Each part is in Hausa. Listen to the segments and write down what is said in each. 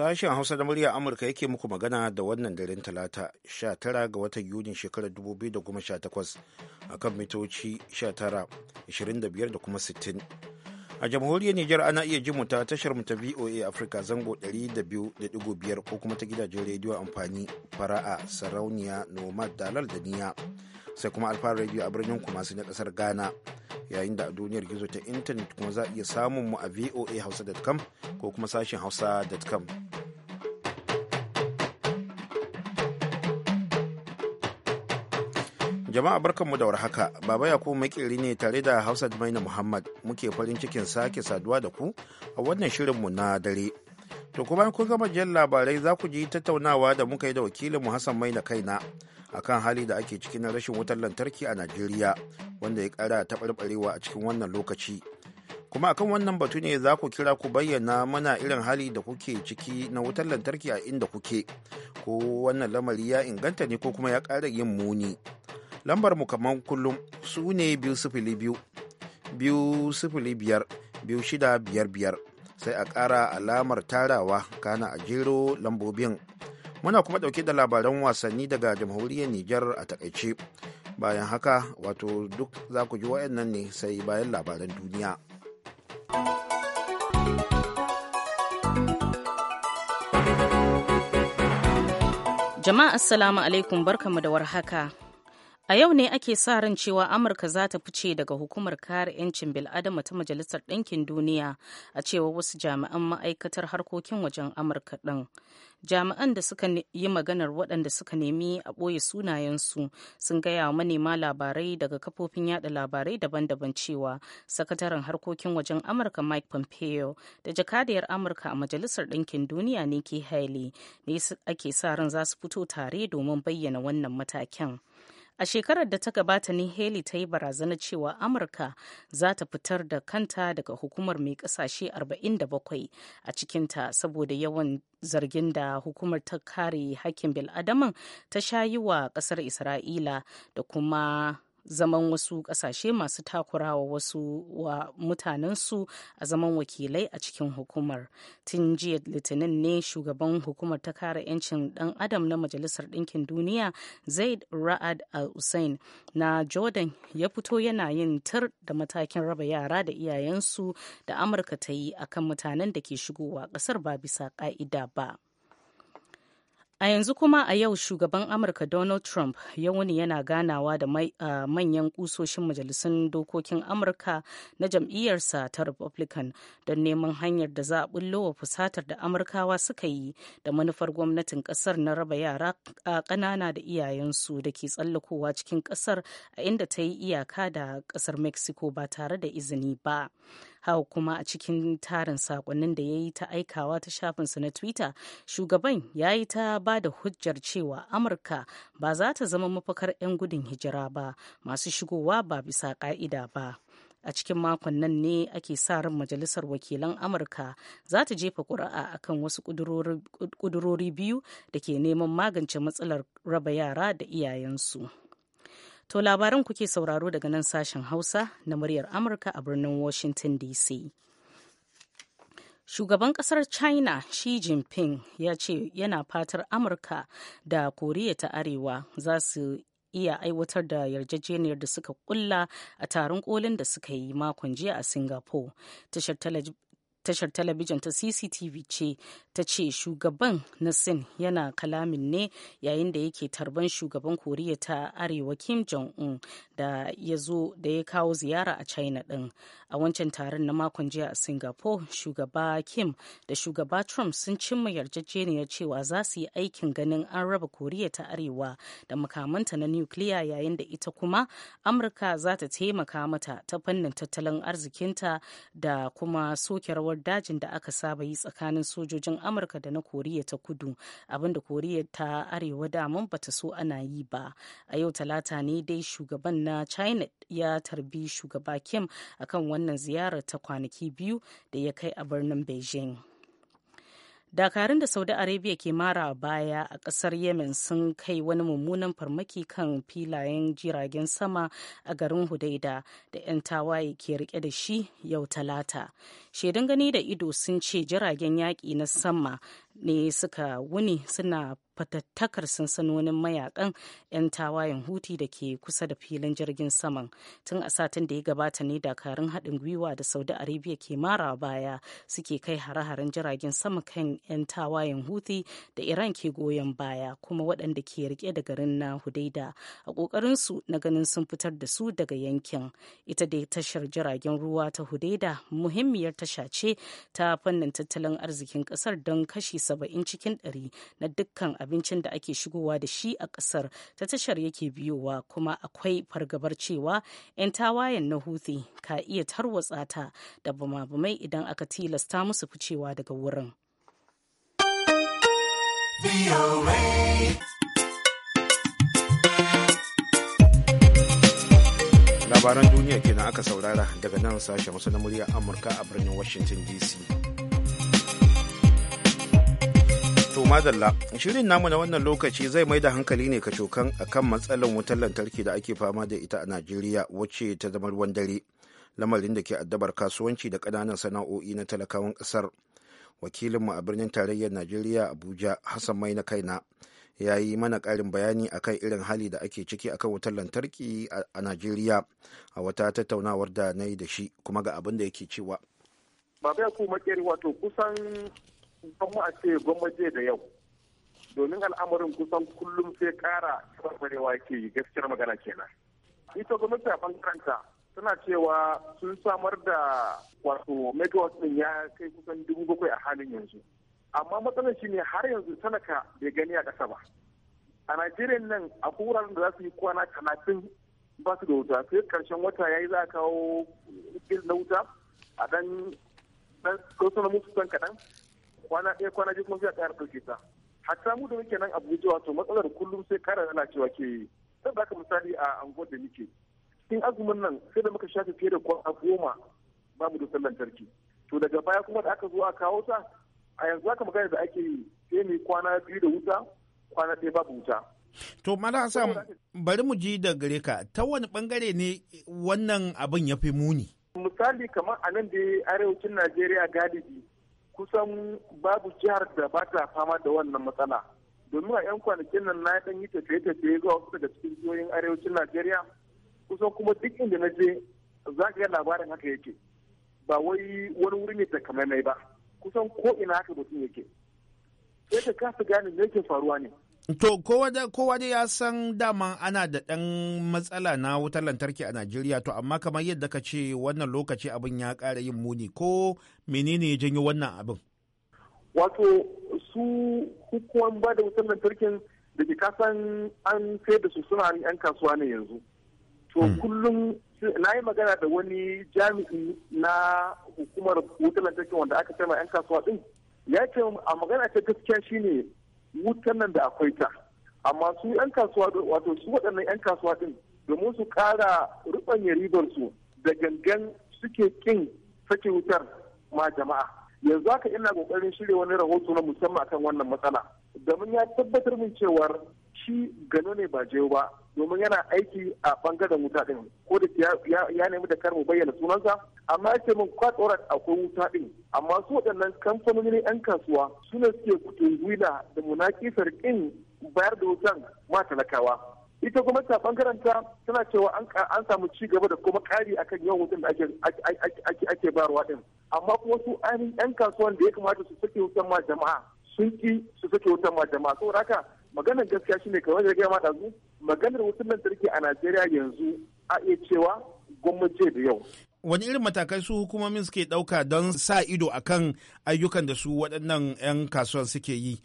Sashen Hausa da murya Amurka yake muku magana da wannan daren Talata 19 ga watan yuni shekarar 2018 a kan mitoci 1925 da kuma 60. A jamhuriyar Nijar ana iya jin ta tashar mu ta VOA Africa zango 200.5 ko kuma ta gidajen rediyo amfani fara'a sarauniya nomad dalar da niya sai kuma alfa radio a birnin kumasi na kasar ghana yayin da a duniyar gizo ta intanet kuma za a iya samun mu a voa hausa.com ko kuma sashen hausa.com jama'a barkan mu da warhaka baba ya yakubu makeri ne tare da hausa maina muhammad muke farin cikin sake saduwa da ku a wannan shirinmu na dare To kuma kun gama jiyan labarai za ku ji tattaunawa da muka yi da wakilinmu Hassan Mai na kaina akan hali da ake ciki na rashin wutar lantarki a Najeriya wanda ya kara taɓarɓarewa a cikin wannan lokaci. Kuma akan wannan batu ne za ku kira ku bayyana mana irin hali da kuke ciki na wutar lantarki a inda kuke ko wannan lamari ya inganta ne ko kuma ya ƙara yin muni. Lambar mu kamar kullum su ne biyu sifili biyu biyu sifili biyar biyu shida biyar biyar sai a ƙara alamar tarawa kana a jero lambobin muna kuma ɗauke da labaran wasanni daga jamhuriyar niger a takaice bayan haka wato duk za ku ji wa'annan ne sai bayan labaran duniya jama'a assalamu alaikum barkamu da warhaka A yau ne ake sa ran cewa Amurka za ta fice daga hukumar kare 'yancin bil'adama ta Majalisar Ɗinkin Duniya a cewa wasu jami'an ma'aikatar harkokin wajen Amurka ɗin. Jami'an da suka yi maganar waɗanda suka nemi a ɓoye sunayensu sun gaya wa manema labarai daga kafofin yada labarai daban-daban cewa sakataren harkokin wajen Amurka Mike Pompeo da jakadiyar Amurka a Majalisar Ɗinkin Duniya ne ke Haley ne ake sa ran za su fito tare domin bayyana wannan matakin. A shekarar da ta gabata ne Haley ta yi barazana cewa Amurka za ta fitar da kanta daga hukumar mai kasashe 47 a cikinta saboda yawan zargin da hukumar ta kare hakkin bil'adaman ta sha yiwa wa kasar Isra'ila da kuma zaman wasu ƙasashe masu takurawa wasu wa mutanensu a zaman wakilai a cikin hukumar tun jiya litinin ne shugaban hukumar ta kare 'yancin dan adam na majalisar ɗinkin duniya zaid ra'ad al usain na jordan ya fito yana yin tir da matakin raba yara da iyayensu da amurka ta yi akan mutanen da ke shigowa ƙasar ba bisa ƙa'ida ba. A yanzu kuma a yau shugaban Amurka Donald Trump ya wuni yana ganawa da manyan kusoshin majalisun dokokin Amurka na jam'iyyarsa ta Republican don neman hanyar da za a wa fusatar da Amurkawa suka yi da manufar gwamnatin kasar na raba yara a ƙanana da iyayensu da ke tsallakowa cikin kasar a inda ta yi iyaka da kasar Mexico ba tare da izini ba. haka kuma a cikin tarin sakonnin da ya yi ta aikawa ta shafinsa na twitter shugaban ya yi ta ba da hujjar cewa amurka ba za ta zama mafakar 'yan gudun hijira ba masu shigowa ba bisa ka'ida ba a cikin makon nan ne ake sa ran majalisar wakilan amurka za ta jefa ƙuri'a akan wasu ƙudurori biyu da ke neman magance matsalar raba yara da iyayensu. To labaran kuke sauraro daga nan sashen Hausa na muryar Amurka a birnin Washington DC. Shugaban kasar China Xi Jinping ya ce yana fatar Amurka da Koriya ta Arewa za su iya aiwatar da yarjejeniyar da suka kulla a taron kolin da suka yi makon jiya a Singapore. Tashar tashar talabijin ta cctv ce ta ce shugaban na sin yana kalamin ne yayin da yake tarban shugaban koriya ta arewa kim jong-un da ya zo da ya kawo ziyara a china din a wancan taron na makon jiya a singapore shugaba kim da shugaba trump sun cimma yarjejeniyar cewa za su yi aikin ganin an raba koriya ta arewa da makamanta na nukiliya yayin da ita kuma amurka za ta taimaka mata ta fannin tattalin arzikinta da kuma soke rawar dajin da aka saba yi tsakanin sojojin amurka da na koriya ta kudu abinda koriya ta arewa daman bata so ana yi ba a yau talata ne dai shugaban na china ya tarbi shugaba kim akan wannan ziyarar ta kwanaki biyu da ya kai a birnin beijing dakarun da saudi arabia ke mara baya a kasar yemen sun kai wani mummunan farmaki kan filayen jiragen sama a garin hudaida da 'yan tawaye ke rike da shi yau talata shaidan gani da ido sun ce jiragen yaƙi na sama ne suka wuni suna fatattakar sansanonin mayakan 'yan tawayen huti da ke kusa da filin jirgin saman tun a satin da ya gabata ne dakarun haɗin gwiwa da saudi arabia ke mara baya suke kai hare-haren jiragen sama kan 'yan tawayen huti da iran ke goyon baya kuma waɗanda ke rike da garin na hudaida a ƙoƙarinsu na ganin sun fitar da su daga yankin ita dai tashar jiragen ruwa ta hudaida muhimmiyar tasha ce ta fannin tattalin arzikin ƙasar don kashi 70 cikin 100 na dukkan abincin da ake shigowa da shi a ƙasar ta tashar yake biyowa kuma akwai fargabar cewa 'yan tawayen na hutu ka iya tarwatsa ta da bumabumai idan aka tilasta musu ficewa daga wurin. labaran duniya kenan aka saurara daga nan sashen wasu na murya amurka a birnin washington dc madalla shirin namu na wannan lokaci zai mai da hankali ne cokan a kan matsalar wutar lantarki da ake fama da ita a najeriya wacce ta zama ruwan dare lamarin da ke addabar kasuwanci da kananan sana'o'i na talakawan kasar wakilinmu a birnin tarayyar najeriya abuja hassan mai na kaina ya yi mana ƙarin bayani akan irin hali da ake ciki akan wutar lantarki a najeriya a wata tattaunawar da na yi da shi kuma ga abin da yake cewa ya kuma wato kusan kuma a ce gwamnati da yau domin al'amarin kusan kullum sai kara tabarbarewa ke yi gaskiyar magana kenan ita gwamnati a ta tana cewa sun samar da wato megawatt din ya kai kusan dubu bakwai a halin yanzu amma matsalar shi ne har yanzu talaka bai gani a ƙasa ba a najeriya nan a wuraren da za su yi kwana talatin ba su da wuta sai karshen wata ya yi za a kawo bil na wuta a dan dan musu kaɗan kwana ɗaya kwana biyu kuma sai a ƙara ɗauke ta hatta mu da muke nan abuja wato matsalar kullum sai ƙara cewa ke yi sai da misali a anguwar da muke cikin azumin nan sai da muka shafe fiye da kwana goma ba mu da sallan tarki to daga baya kuma da aka zo a kawo ta a yanzu aka magana da ake yi sai mu kwana biyu da wuta kwana ɗaya babu wuta To malasa bari mu ji da gare ka ta wani bangare ne wannan abin ya fi muni. Misali kamar a nan da arewacin Najeriya galibi kusan babu jihar da ba ta fama da wannan matsala domin a 'yan kwanakin nan na ɗan yi tafiye-tafiye zuwa wasu daga cikin jihohin arewacin najeriya kusan kuma duk inda na je za ka yi labarin haka yake ba wai wani wuri ne takamaimai ba kusan ko ina haka mutum yake sai ka kasa gane me yake faruwa ne To, kowa dai ya san dama ana da ɗan matsala na wutar lantarki a Najeriya, to amma kamar yadda ka ce wannan lokaci abin ya ƙara yin muni ko menene ya janyo wannan abin? Wato, su hukumar ba da wutar lantarkin da ke kasan an sai da su suna yan kasuwa ne yanzu. To, hmm. kullum na yi magana da wani jami'i na hukumar wutar lantarkin wanda aka ce yan kasuwa ɗin. Ya ce a magana ta gaskiya shine wutan nan da akwai ta amma su 'yan kasuwa wato su waɗannan 'yan kasuwa din, domin su ƙara rubanya su, da gangan suke kin sake wutar ma jama'a yanzu haka ina ƙoƙarin shirya wani rahoto na musamman akan wannan matsala domin ya tabbatar min cewar shi gano ne ba jewo ba domin yana aiki a bangaren wuta din, ko da ya nemi da kar mu bayyana sunansa amma yake min kwatsorat akwai wuta din amma su waɗannan ne 'yan kasuwa suna suke kutun gwiwa da munakisar kin bayar da wutan ma talakawa ita gwamnati ta bangaranta tana cewa an samu ci gaba da kuma kari akan yawan wutan da ake bayarwa din amma kuma su ainihin 'yan kasuwan da ya kamata su sake wutan ma jama'a sun ki su sake wutan ma jama'a saboda haka maganar gaskiya shine kamar da gaya ma ɗazu maganar wutan lantarki a najeriya yanzu a iya cewa gwamnati da yau wani irin matakai su hukumomin suke ɗauka don sa ido a kan ayyukan da su waɗannan 'yan kasuwar suke yi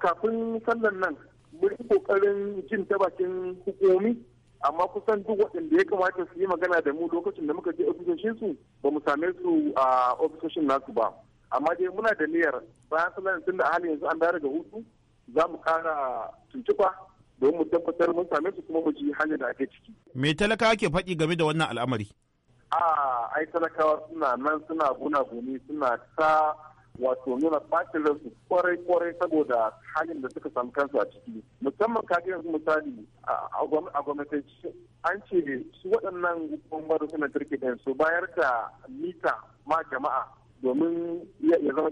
kafin sannan nan mun yi kokarin jin ta bakin hukumomi amma kusan duk waɗanda ya kamata su yi magana da mu lokacin da muka je ofisoshin su ba mu same su a ofisoshin nasu ba amma dai muna da niyyar bayan sallan tun da hali yanzu an dawo da hutu za mu kara tuntuba don mu tabbatar mun same su kuma mu ji hanyar da ake ciki me talaka ke faɗi game da wannan al'amari a ai talakawa suna nan suna guna gumi suna ta wato nuna bacin ransu kwarai kwarai saboda halin da suka samu kansu a ciki musamman kaga yanzu misali a gwamnati, an ce su waɗannan gwamnati suna turke ɗin su bayar da mita ma jama'a domin ya zama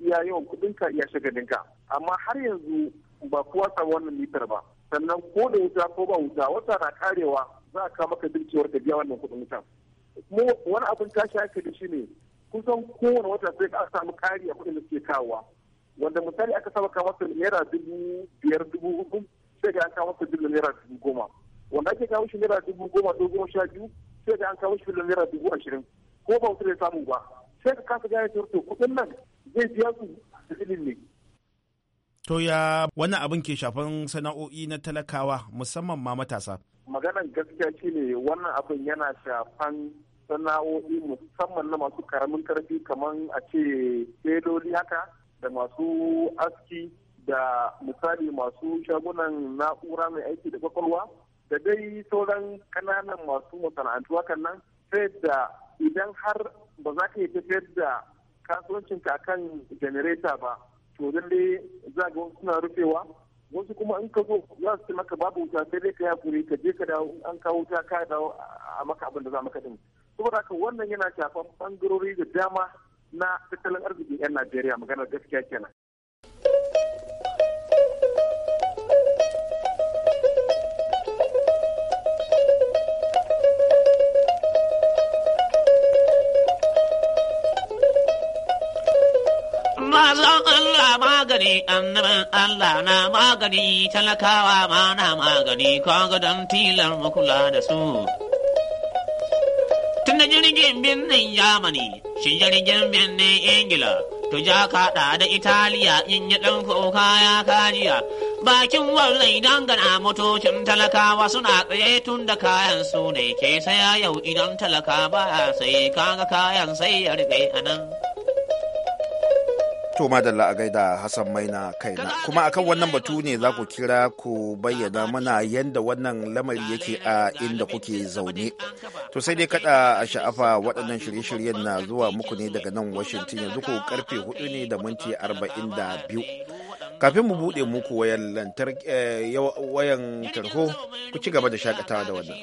iya yawan kuɗinka iya shagalinka amma har yanzu ba kowa samu wannan mitar ba sannan ko da wuta ko ba wuta wata na karewa za a kawo maka dircewar ka biya wannan kuɗin wutan wani abin tashi da shi ne kusan kowane wata sai ka samu kari a kudin da suke kawowa wanda misali aka saba kawo su naira dubu biyar dubu hudu sai ga an kawo su dubu naira dubu goma wanda ake kawo shi naira dubu goma ko goma sha biyu sai ga an kawo shi naira dubu ashirin ko ba wasu da samu ba sai ka kasa gane cewa to kudin nan zai biya su da ilimi ne To ya wannan abin ke shafan sana'o'i na talakawa musamman ma matasa? maganar gaskiya shine wannan abin yana shafan sana'o'i musamman na masu karamin karfi kamar a ce haka da masu aski da misali masu shagunan na'ura mai aiki da kwakwalwa da dai sauran kananan masu masana'antu hakan nan sai da idan har ba za ka yi tafiyar da ka kan janareta ba to dai za ga wasu suna rufewa wasu kuma in ka zo za su maka babu wuta sai dai ka yi ka je ka dawo an kawo wuta ka dawo a maka abin da za maka din saboda haka wannan yana shafan bangarori da dama na tattalin arzikin 'yan najeriya maganar gaskiya kenan mazan Allah magani Allah na magani talakawa ma na magani kwa don tilar makula da su. da jirgin birnin Yamani, shi jirgin birnin Ingila, ja kaɗa da Italiya in yi ɗan kuka ya kariya. Bakin wallai dangana motocin talakawa suna tsaye tun da kayan su ne ke saya yau idan talaka ba sai kaga kayan sai ya rufe a nan. To madalla a gaida Hassan Maina kaina. Kuma akan wannan batu ne za ku kira ku bayyana mana yadda wannan lamari yake a inda kuke zaune. To sai dai kada a sha'afa waɗannan shirye-shiryen na zuwa muku ne daga nan Washington yanzu ko karfe hudu ne da minti arba'in da biyu. Kafin mu buɗe muku wayan lantar eh, wayan tarho ku ci gaba da shakatawa da wannan.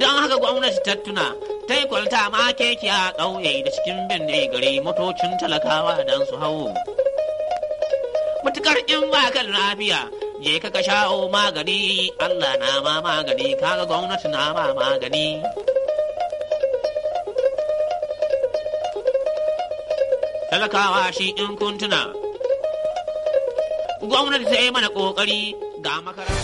Don haka gwamnati ta tuna ta yi kwalta ma keke a ƙauye da cikin binne gari motocin talakawa don su hau. Mutukar in ba kan lafiya je ka ka sha'o magani Allah na ma magani kaga gwamnati na ma magani. Talakawa shi in kuntuna. Gwamnati ta yi mana ƙoƙari ga makaranta.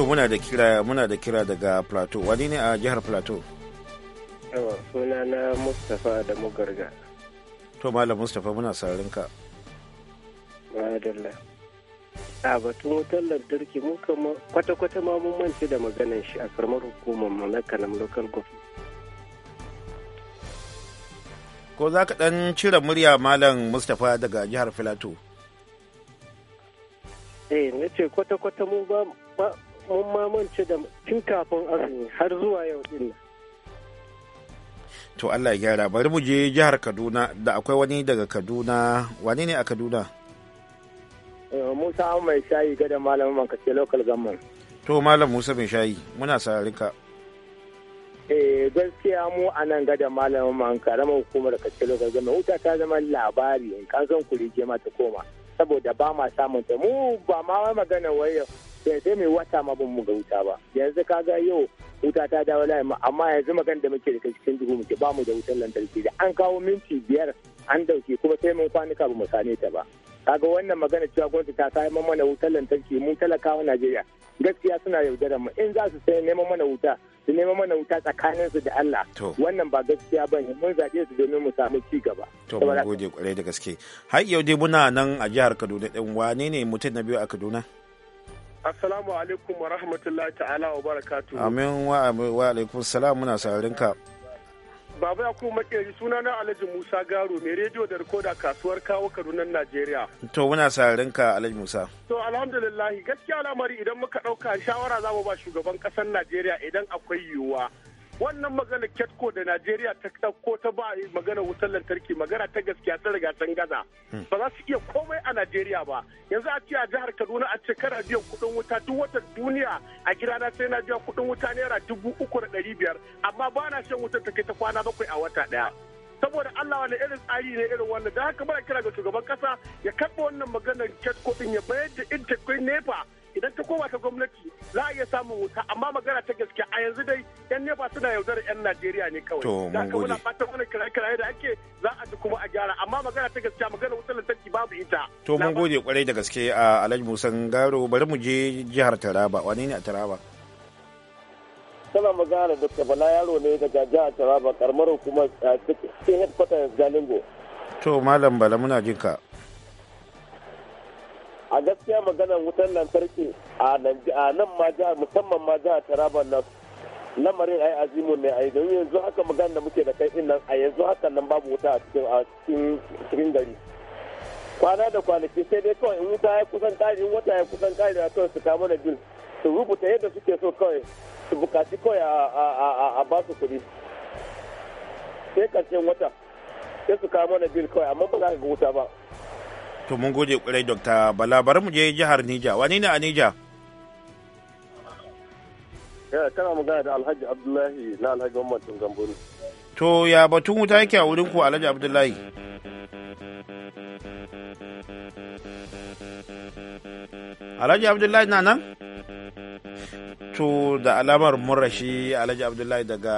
to muna da kira muna da kira daga plateau wani ne a jihar plateau yawa suna na mustapha da mugarga to malam mustapha muna sarin ka madalla a batun wutar lantarki mun kama kwata-kwata ma mun mance da maganin shi a karamar hukumar mu na kanam local government ko za ka dan cire murya malam mustapha daga jihar plateau. eh na ce kwata-kwata mu ba mun mamance da tun kafin azumi har zuwa yau din to Allah ya gyara bari mu je jihar Kaduna da akwai wani daga Kaduna wani ne a Kaduna eh, Musa mai shayi gada malamin ce local gamman. to malam Musa mai shayi muna sararin ka eh gaskiya mu a nan gada malamin man karamar hukumar Kace local gamman wuta ta zama labari in kan san kurije ma ta koma saboda ba ma samun ta mu ba ma magana wai da sai mai wata ma ban mu ga wuta ba yanzu kaga yau wuta ta dawo layin mu amma yanzu magan da muke da cikin duhu muke ba mu da wutar lantarki da an kawo minti biyar an dauke kuma sai mun kwanuka ba mu sane ta ba kaga wannan magana cewa gwamnati ta kai mana wutar lantarki mun talakawa Najeriya gaskiya suna yaudara mu in za su sai neman mana wuta su neman mana wuta tsakanin su da Allah wannan ba gaskiya ba ne mun zaɓe su domin mu samu ci gaba to mun gode kwarai da gaske har yau dai muna nan a jihar Kaduna din wane ne mutum na biyu a Kaduna Assalamu alaikum wa rahmatullahi ta'ala wa barakatu. Amin wa alaikum salam muna sararin ka. Baba ya kuma makeri suna na Alhaji Musa Garo mai rediyo da rikoda kasuwar kawo Kaduna Najeriya. To muna sararin ka Alhaji Musa. To alhamdulillah gaskiya lamari idan muka ɗauka shawara za mu ba shugaban ƙasar Najeriya idan akwai yiwuwa. wannan magana ketko da najeriya ta ko ta ba magana wutar lantarki magana ta gaskiya ta riga sun gaza hmm. ba za su iya komai a najeriya ba yanzu a ce a jihar kaduna a ce kana biyan kudin wuta duk wata duniya a gida na sai na biya kudin wuta naira dubu uku da ɗari biyar amma ba na shan wutar ta kai ta kwana bakwai a wata ɗaya saboda Allah wani irin tsari ne irin wannan da haka mara kira ga shugaban kasa ya karɓa wannan maganar ketko din ya bayar da intakwai nepa idan ta koma ta gwamnati za a iya samun wuta amma magana ta gaskiya a yanzu dai yan nefa suna yaudarar yan najeriya ne kawai da ka muna fatan wani kiraye da ake za a ji kuma a gyara amma magana ta gaskiya magana wutar lantarki babu ita to mun gode kwarai da gaske a alhaji musan garo bari mu je jihar taraba wani ne a taraba kana magana da bala yaro ne daga jihar taraba karamar hukumar cikin headquarters galingo to malam bala muna jinka a gaskiya magana wutar lantarki a nan ma jihar musamman ma jihar taraba nan lamarin ai azimu ne ai domin yanzu haka magana da muke da kai din nan a yanzu haka nan babu wuta a cikin a cikin gari kwana da kwanaki sai dai kawai in wuta ya kusan kare in wata ya kusan kare a kawai su kama da bil su rubuta yadda suke so kawai su bukaci kawai a ba su kuɗi sai karshen wata sai su kama da bil kawai amma ba za ka ga wuta ba to mun gode kwarai dr bala bari mu je jihar nija wani ne a nija eh, kana magana da alhaji abdullahi na alhaji muhammad tungamboni to ya batun wuta yake a wurin ku alhaji abdullahi alhaji abdullahi na nan to da alamar murashi alhaji abdullahi daga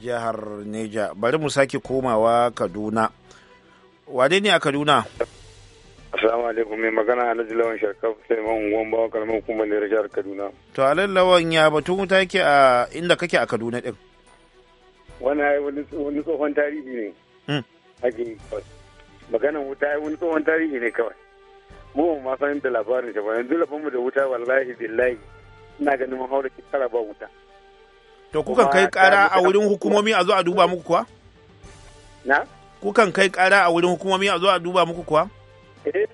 jihar neja bari mu sake komawa kaduna wane ne a kaduna Assalamu alaikum mai magana Alhaji Lawan Sharkaf Suleiman Unguwan Bawa Karamin Hukumar Lera Jihar Kaduna. To Alhaji Lawan ya batu wuta yake a inda kake a Kaduna din. Wani tsohon tarihi ne. Hmm. Ake maganin wuta ya wani tsohon tarihi ne kawai. Mu ma san da labarin shi ba yanzu lafan mu da wuta wallahi billahi ina ganin mun haura kitara ba wuta. To kukan kai kara a wurin hukumomi a zo a duba muku kuwa? Na? Kukan kai kara a wurin hukumomi a zo a duba muku kuwa? eh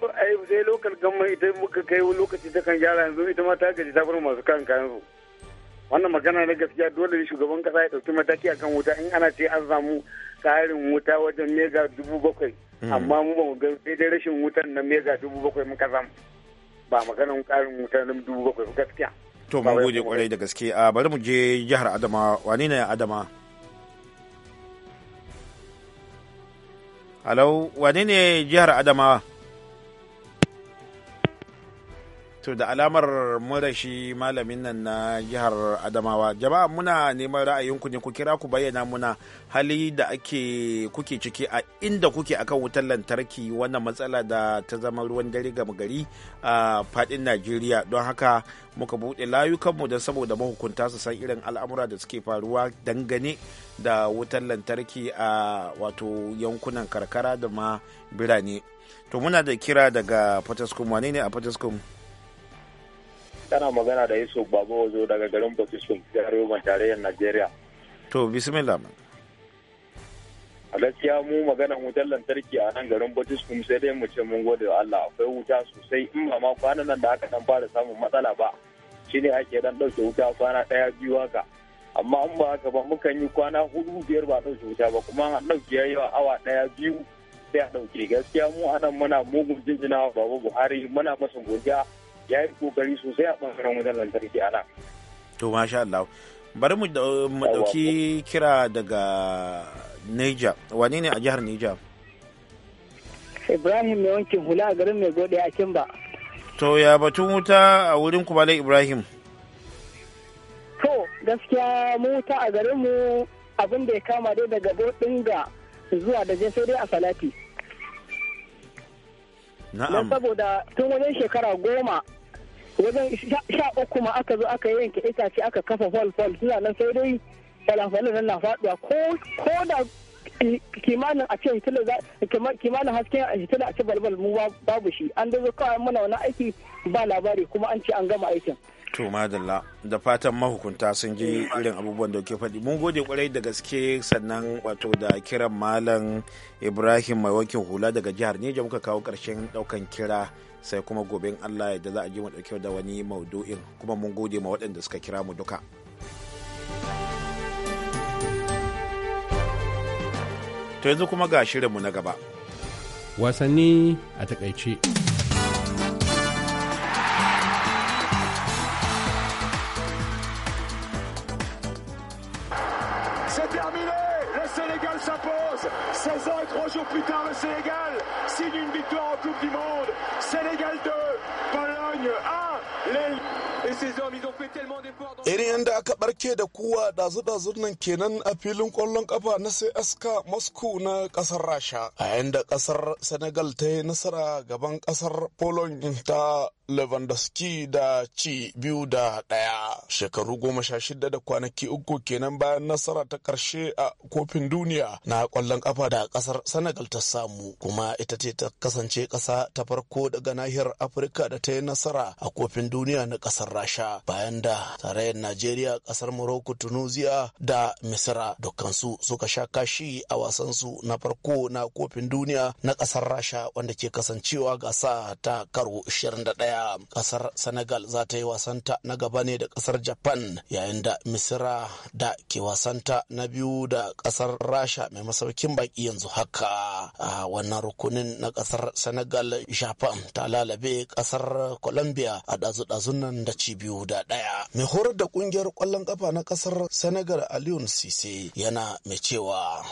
sai lokal gamma idan muka kai lokaci ta kan gyara yanzu ita ma ta gaji ta bar masu kan kayan wannan magana na gaskiya dole ne shugaban kasa ya dauki mataki akan wuta in ana ce an samu karin wuta wajen mega dubu bakwai hmm. amma mu ba mu ga sai dai rashin wutan na mega dubu bakwai muka samu ba maganan karin wuta na dubu bakwai gaskiya to mun gode kwarai da gaske a ah, bari mu je jihar adama wani ne adama halau wani ne jihar adama to da alamar murashi malamin nan na jihar adamawa jama'a muna neman ra'ayinku ne ku kira ku bayyana muna hali da ake kuke ciki a inda kuke akan wutar lantarki wannan matsala da ta zama ruwan dare gama gari a fadin najeriya don haka muka buɗe layukanmu da saboda mahukunta su san irin al'amura da suke faruwa dangane da wutar lantarki a wato yankunan karkara da ma birane to muna da kira daga fataskum wane ne a fataskum kana magana da Yusuf babu Wazo daga garin Batisun jihar tarayyar Najeriya. To bismillah. A gaskiya mu magana wutar lantarki a nan garin Batisun sai dai mu ce mun gode wa Allah akwai wuta sosai in ba ma kwanan nan da aka dan fara samun matsala ba shine ake dan dauke wuta kwana daya biyu haka. amma in ba haka ba mukan yi kwana hudu biyar ba ɗauke wuta ba kuma an ɗauke ya yawa awa ɗaya biyu sai a ɗauke gaskiya mu anan muna mugun jinjina wa baba buhari muna masa godiya ya yi kokari sosai a bangaren wajen lantarki a nan to masha Allah bari mu dauki kira daga Neja wane ne a jihar Neja Ibrahim mai wankin hula a garin mai gode a Kimba to ya batun wuta a wurin kumalai Ibrahim to gaskiya mu wuta a garinmu abin da ya kama dai daga bodin ga zuwa da je sai dai a salati Na'am. saboda tun wajen shekara goma wajen sha uku ma aka zo aka yanke itace aka kafa fol fol suna nan sai dai falafalin nan na faduwa ko da kimanin a ce kimanin hasken a hitila a ce balbal mu babu shi an da zo kawai muna wani aiki ba labari kuma an ce an gama aikin to madalla da fatan mahukunta sun ji irin abubuwan da ke faɗi mun gode kwarai da gaske sannan wato da kiran malam ibrahim mai wankin hula daga jihar neja muka kawo ƙarshen ɗaukan kira sai kuma gobe allah yadda za a ji mu ɗauke da wani maudu'in kuma mun gode ma waɗanda suka kira mu duka to yanzu kuma ga shirinmu na gaba wasanni a takaice jiya da kuwa dazu dazu nan kenan a filin kwallon kafa na CSKA Moscow na kasar Rasha. A yayin da kasar Senegal ta yi nasara gaban kasar Poland ta Lewandowski da ci biyu da ɗaya. Shekaru goma sha shida da kwanaki uku kenan bayan nasara ta ƙarshe a kofin duniya na ƙwallon ƙafa da ƙasar Senegal ta samu kuma ita ce ta kasance ƙasa ta farko daga nahiyar Afirka da ta yi nasara a kofin duniya na ƙasar Rasha bayan da tarayyar Najeriya ƙasar Morocco Tunisia da Misira dukkansu suka sha kashi a wasan su na farko na kofin duniya na ƙasar Rasha wanda ke kasancewa gasa ta karo 21. kasar senegal za ta yi wasanta na gaba ne da kasar japan yayin da misira da ke wasanta na biyu da kasar rasha mai masaukin baki yanzu haka a wannan rukunin na kasar senegal japan ta lalabe kasar colombia a dazu-dazun nan da biyu da daya mai horar da kungiyar kwallon kafa na kasar senegal aliyun sise yana mai cewa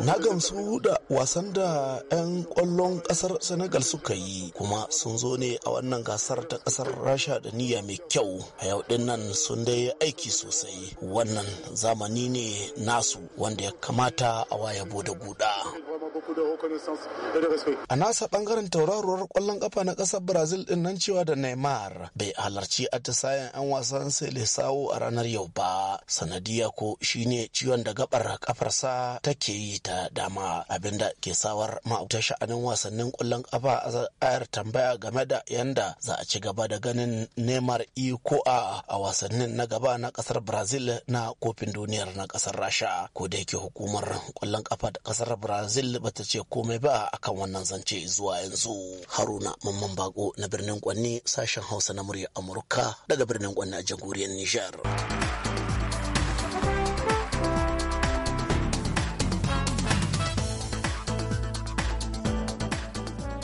na gamsu da wasan da 'yan kwallon kasar senegal suka yi kuma sun zo ne a wannan gasar ta kasar rasha da niyya mai kyau a yau din nan sun dai aiki sosai wannan zamani ne nasu wanda ya kamata a waya bude guda A nasa bangaren tauraruwar kwallon kafa na kasar Brazil din nan cewa da Neymar bai halarci atisayen 'yan wasan Selesawo a ranar yau ba. Sanadiya ko shine ciwon da gabar kafarsa take yi ta dama abinda ke sawar ma'auta sha'anin wasannin kwallon kafa a ayar tambaya game da yanda za a ci gaba da ganin Neymar iko a a wasannin na gaba na kasar Brazil na kofin duniyar na kasar Rasha ko da yake hukumar kwallon kafa da kasar Brazil bata ce komai ba a kan wannan zance zuwa yanzu haruna mamman Bago na birnin kwanni sashen hausa na murya amurka daga birnin kwanni a jamhuriyar nijar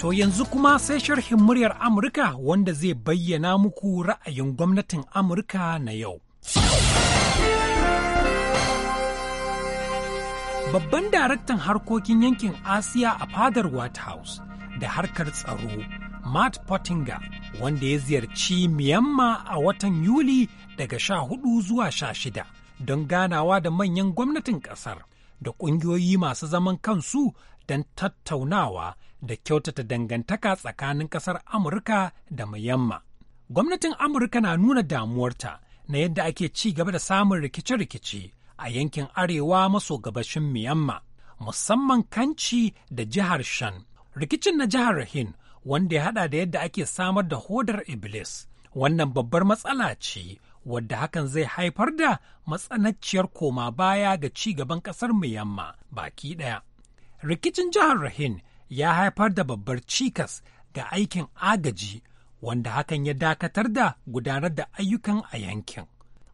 To yanzu kuma sai sharhin muryar Amurka wanda zai bayyana muku ra'ayin gwamnatin Amurka na yau. Babban daraktan harkokin yankin Asiya a fadar White House da harkar tsaro Matt Pottinger wanda ya ziyarci miyamma a watan Yuli daga sha hudu zuwa sha shida don ganawa da manyan gwamnatin ƙasar da ƙungiyoyi masu zaman kansu don tattaunawa da kyautata dangantaka tsakanin ƙasar Amurka da Myanmar. Gwamnatin Amurka na nuna damuwarta na yadda ake ci gaba da samun rikice-rikice a yankin arewa maso gabashin miyamma musamman Kanci da jihar Shan. Rikicin na jihar Rahin, wanda ya hada da yadda ake samar da hodar Iblis, wannan babbar matsala ce wadda hakan zai haifar da matsananciyar koma baya ga ci gaban kasar miyamma baki ɗaya. Rikicin jihar Rahin ya haifar da babbar cikas ga aikin agaji wanda hakan ya dakatar da gudanar da ayyukan a yankin.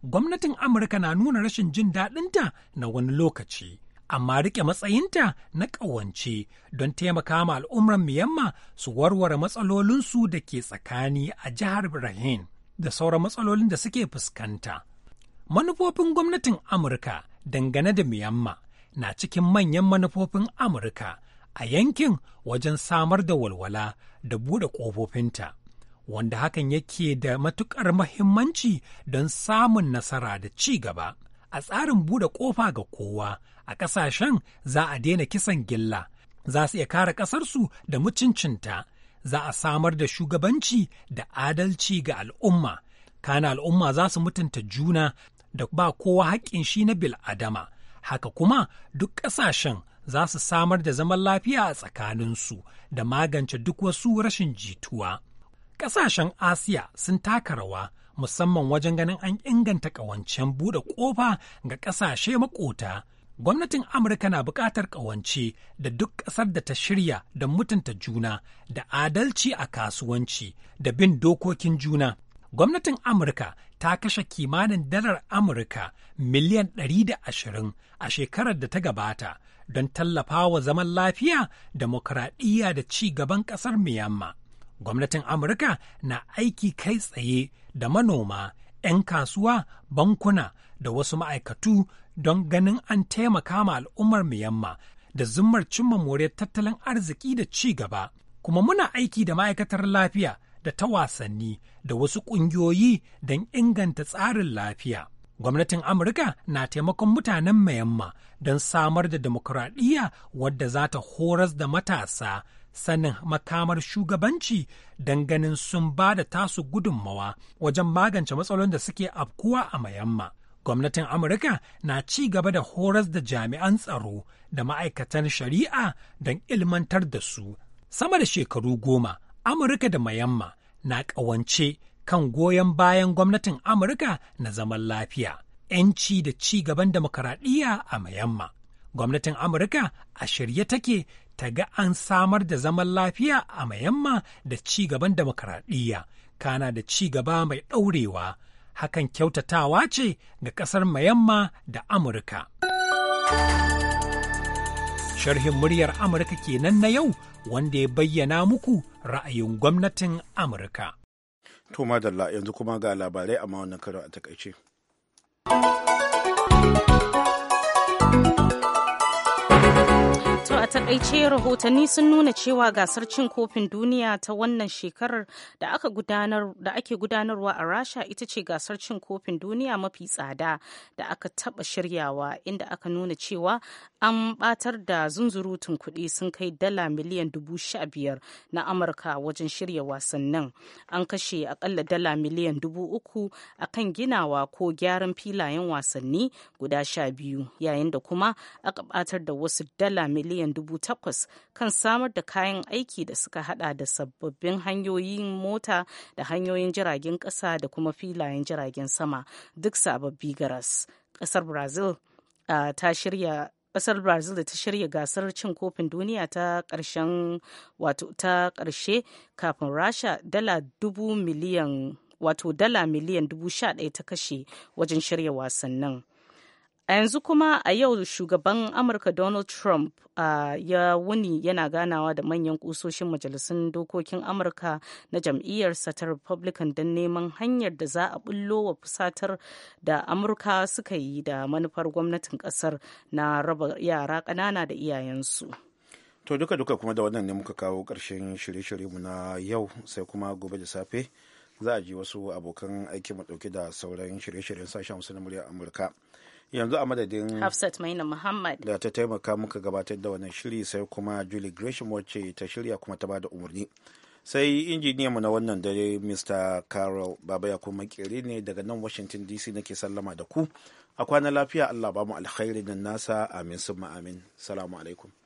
gwamnatin Amurka na nuna rashin jin daɗinta na wani lokaci. Amma riƙe matsayinta na ƙawance don taimaka ma al'umran Myanmar su warware matsalolinsu da ke tsakani a jihar Rahin da sauran matsalolin da suke fuskanta. Manufofin gwamnatin Amurka dangane da Myanmar na cikin manyan manufofin Amurka a yankin wajen samar da walwala da buɗe ƙofofinta. wanda hakan yake da matuƙar mahimmanci don samun nasara da ci gaba. A tsarin buɗe ƙofa ga kowa, a ƙasashen za a daina kisan gilla, za su iya kare ƙasarsu da mutuncinta, za a samar da shugabanci da adalci ga al'umma. Kana al'umma za su mutunta juna da ba kowa haƙƙin shi na bil'adama. Haka kuma duk ƙasashen za su samar da zaman lafiya a tsakaninsu da magance duk wasu rashin jituwa. Ƙasashen Asiya sun taka rawa musamman wajen ganin an inganta ƙawancen buɗe ƙofa ga ƙasashe maƙota. Gwamnatin Amurka na buƙatar ƙawance da duk ƙasar da ta shirya da mutunta juna da adalci a kasuwanci da bin dokokin juna. Gwamnatin Amurka ta kashe kimanin dalar Amurka miliyan 120 a shekarar da ta gabata don tallafawa zaman lafiya, demokuraɗiyya da ci gaban ƙasar Myanmar. gwamnatin Amurka na aiki kai tsaye da manoma, 'yan kasuwa, bankuna da wasu ma'aikatu don ganin an taimaka ma al'ummar yamma, da zummar cimma moriyar tattalin arziki da ci gaba. Kuma muna aiki da ma'aikatar lafiya da ta wasanni da wasu ƙungiyoyi don inganta tsarin lafiya. Gwamnatin Amurka na taimakon mutanen mayamma don samar da demokuraɗiyya wadda za ta horas da matasa sanin makamar shugabanci ganin sun ba da tasu gudunmawa wajen magance matsalolin da suke afkuwa a mayamma. Gwamnatin Amurka na ci gaba da horas da jami'an tsaro da ma'aikatan shari'a don ilmantar da su. Sama da shekaru goma, Amurka da Mayamma na ƙawance kan goyon bayan gwamnatin Amurka na zaman lafiya, 'yanci da ci gaban demokaradiyya a Mayamma. Gwamnatin Amurka a shirye take ta ga an samar da zaman lafiya a mayamma da ci gaban demokaradiyya kana da ci gaba mai ɗaurewa hakan kyautatawa ce ga ƙasar mayamma da amurka sharhin muryar amurka kenan na yau wanda ya bayyana muku ra'ayin gwamnatin amurka to madalla yanzu kuma ga labarai amma wannan karo a takaice. takaice rahotanni sun nuna cewa gasar cin kofin duniya ta wannan shekarar da aka gudanar da ake gudanarwa a rasha ita ce gasar cin kofin duniya mafi tsada da aka taba shiryawa inda aka nuna cewa an batar da zunzurutun kuɗi sun kai dala miliyan dubu sha biyar na amurka wajen shirya wasannin an kashe akalla dala miliyan dubu uku a kan ginawa ko gyaran filayen wasanni guda sha biyu yayin da kuma aka batar da wasu dala miliyan dubu takwas kan samar da kayan aiki da suka hada da sababbin hanyoyin mota da hanyoyin jiragen kasa da kuma filayen jiragen sama duk sababbi garas kasar brazil ta shirya kasar brazil da ta shirya gasar cin kofin duniya ta karshe kafin rasha dala dubu miliyan wato dala miliyan dubu sha ta kashe wajen shirya wasannin a yanzu kuma a yau shugaban amurka donald trump uh, ya wuni yana ganawa da manyan kusoshin majalisun dokokin amurka na jam'iyyarsa ta republican don neman hanyar da za a bullo wa fusatar da amurka suka yi da manufar gwamnatin kasar na raba yara ƙanana da iyayensu to duka duka kuma da wannan ne muka kawo ƙarshen shirye-shiryenmu na yau sai kuma gobe da safe za a ji wasu abokan aiki mu ɗauke da sauran shirye-shiryen sashen na muryar amurka yanzu a madadin hafsat maina muhammad da ta taimaka muka gabatar da wannan shiri sai kuma julie gresham wacce ta shirya kuma ta bada umarni sai injiniyanmu na wannan dare mr carol baba ya kuma kere ne daga nan washington dc nake sallama da ku a kwana lafiya allah ba mu alkhairi nan nasa amin summa amin salamu alaikum